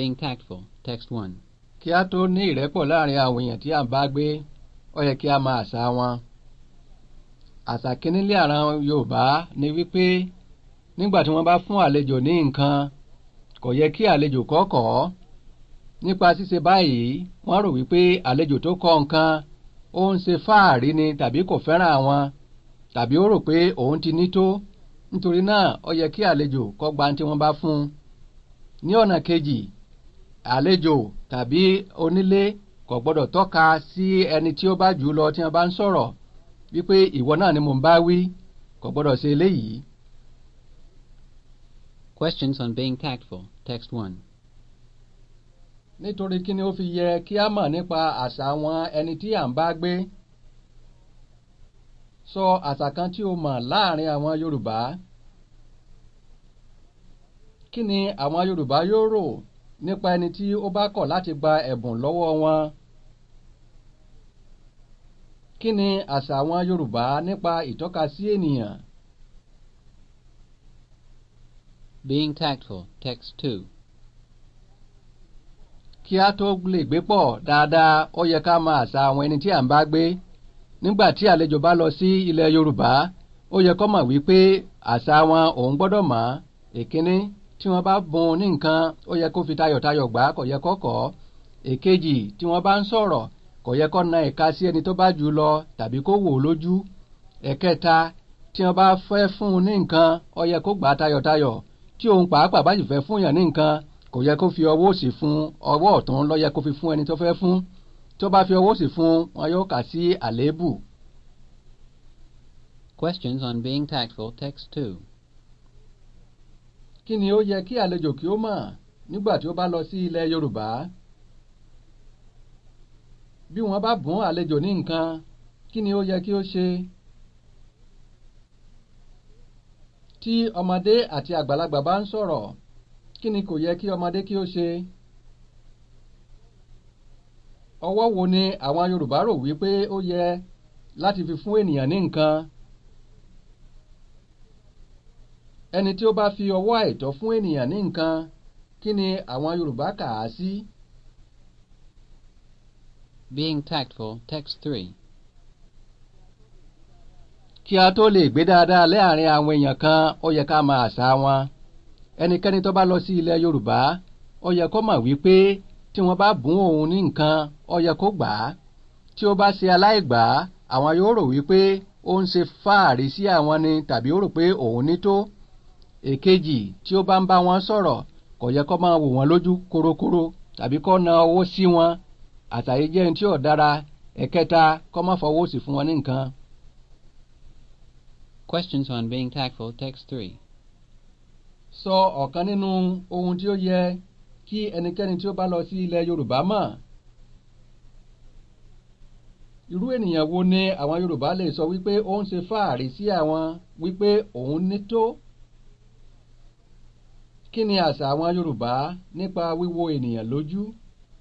Being tactful. Text 1. Kí a tó ní ìrẹ́pọ̀ láàrin àwọn èèyàn tí a bá gbé, ó yẹ kí a máa àṣà wọn. Àṣà Yorùbá ni wípé nígbà tí wọ́n bá fún àlejò ní nǹkan, kò yẹ kí àlejò kọ́kọ́. Nípa ṣíṣe báyìí, wọ́n rò wípé àlejò tó kọ́ nǹkan ó ń ṣe fáàrí ni tàbí kò fẹ́ràn àwọn tàbí ó rò pé òun ti ní tó nítorí náà ó yẹ kí àlejò gba tí wọ́n bá fún àlejò tàbí onílé kò gbọ́dọ̀ tọ́ka sí ẹni tí ó bá jù lọ tí wọ́n bá ń sọ̀rọ̀ wípé ìwọ náà ni mò ń bá wí kò gbọ́dọ̀ ṣe eléyìí. Questions on being tactful, text one. Nítorí kí ni ó fi yẹ kí a mọ̀ nípa àṣà àwọn ẹni tí à ń bá gbé? Sọ àṣà kan tí o mọ̀ láàrin àwọn Yorùbá. Kí ni àwọn Yorùbá yóò rò? nípa ẹni tí ó bá kọ̀ láti gba ẹ̀bùn lọ́wọ́ wọn. Kí ni àṣà àwọn Yorùbá nípa ìtọ́kasí ènìyàn? Being tactful, text two. Kí a tó lè gbé pọ̀ dáadáa, ó yẹ ká mọ àṣà àwọn ẹni tí à ń bá gbé. Nígbà tí àlejò bá lọ sí ilẹ̀ Yorùbá, ó yẹ kó mọ̀ wípé àṣà wọn òun gbọ́dọ̀ mọ̀. Èkíní. E tí wọ́n bá bùn ní nǹkan ó yẹ kó fi tayọ̀tayọ̀ gbà kò yẹ kó kọ̀ èkejì tí wọ́n bá ń sọ̀rọ̀ kò yẹ kó na ìka sí ẹni tó bá jù lọ tàbí kó wò lójú ẹ̀kẹta tí wọ́n bá fẹ́ fún un ní nǹkan ó yẹ kó gbà tayọ̀tayọ̀ tí òun pàápàá bá sì fẹ́ fún yàn ní nǹkan kò yẹ kó fi ọwọ́ òsì fún ọwọ́ ọ̀tún ló kó fi fún ẹni tó fẹ́ fún tó bá fi ọwọ́ òsì fún wọn yóò kà sí àléébù. Questions on being tactful, text two kí ni ó yẹ kí àlejò kí ó mọ̀ nígbà tí ó bá lọ sí ilẹ̀ Yorùbá bí wọ́n bá bùn àlejò ní nǹkan kí ni ó yẹ kí ó ṣe tí ọmọdé àti àgbàlagbà bá ń sọ̀rọ̀ kí ni kò yẹ kí ọmọdé kí ó ṣe ọwọ́ wo ni àwọn Yorùbá rò wípé ó yẹ láti fi fún ènìyàn ní nǹkan ẹni tí ó bá fi ọwọ́ àìtọ́ fún ènìyàn ní nǹkan kí ni àwọn Yorùbá kà á sí. Being tactful, text three. Kí a tó lè gbé dáadáa láàrin àwọn èèyàn kan ó yẹ ká mọ àṣà wọn ẹnikẹ́ni tó bá lọ sí ilẹ̀ Yorùbá ó yẹ kó mọ̀ wípé tí wọ́n bá bùn òun ní nǹkan ó yẹ kó gbà á tí ó bá ṣe aláìgbà á àwọn yóò rò wípé ó ń ṣe fáàrí sí àwọn ni tàbí ó rò pé òun ní tó èkejì tí ó bá ń bá wọn sọ̀rọ̀ kò yẹ kó máa wò wọ́n lójú korokoro tàbí kó na owó sí wọn àtàyè jẹ́ ní tí ò dára ẹ̀kẹta kó má fọwọ́ sí fún wọn ní nǹkan. Questions on being tactful text three. Sọ ọ̀kan nínú ohun tí ó yẹ kí ẹnikẹ́ni tí ó bá lọ sí ilẹ̀ Yorùbá mọ̀ irú ènìyàn wo ni àwọn Yorùbá lè sọ wípé ó ń ṣe fáàrí sí àwọn wípé òun ní tó Kí ni àṣà àwọn Yorùbá nípa wíwo ènìyàn lójú?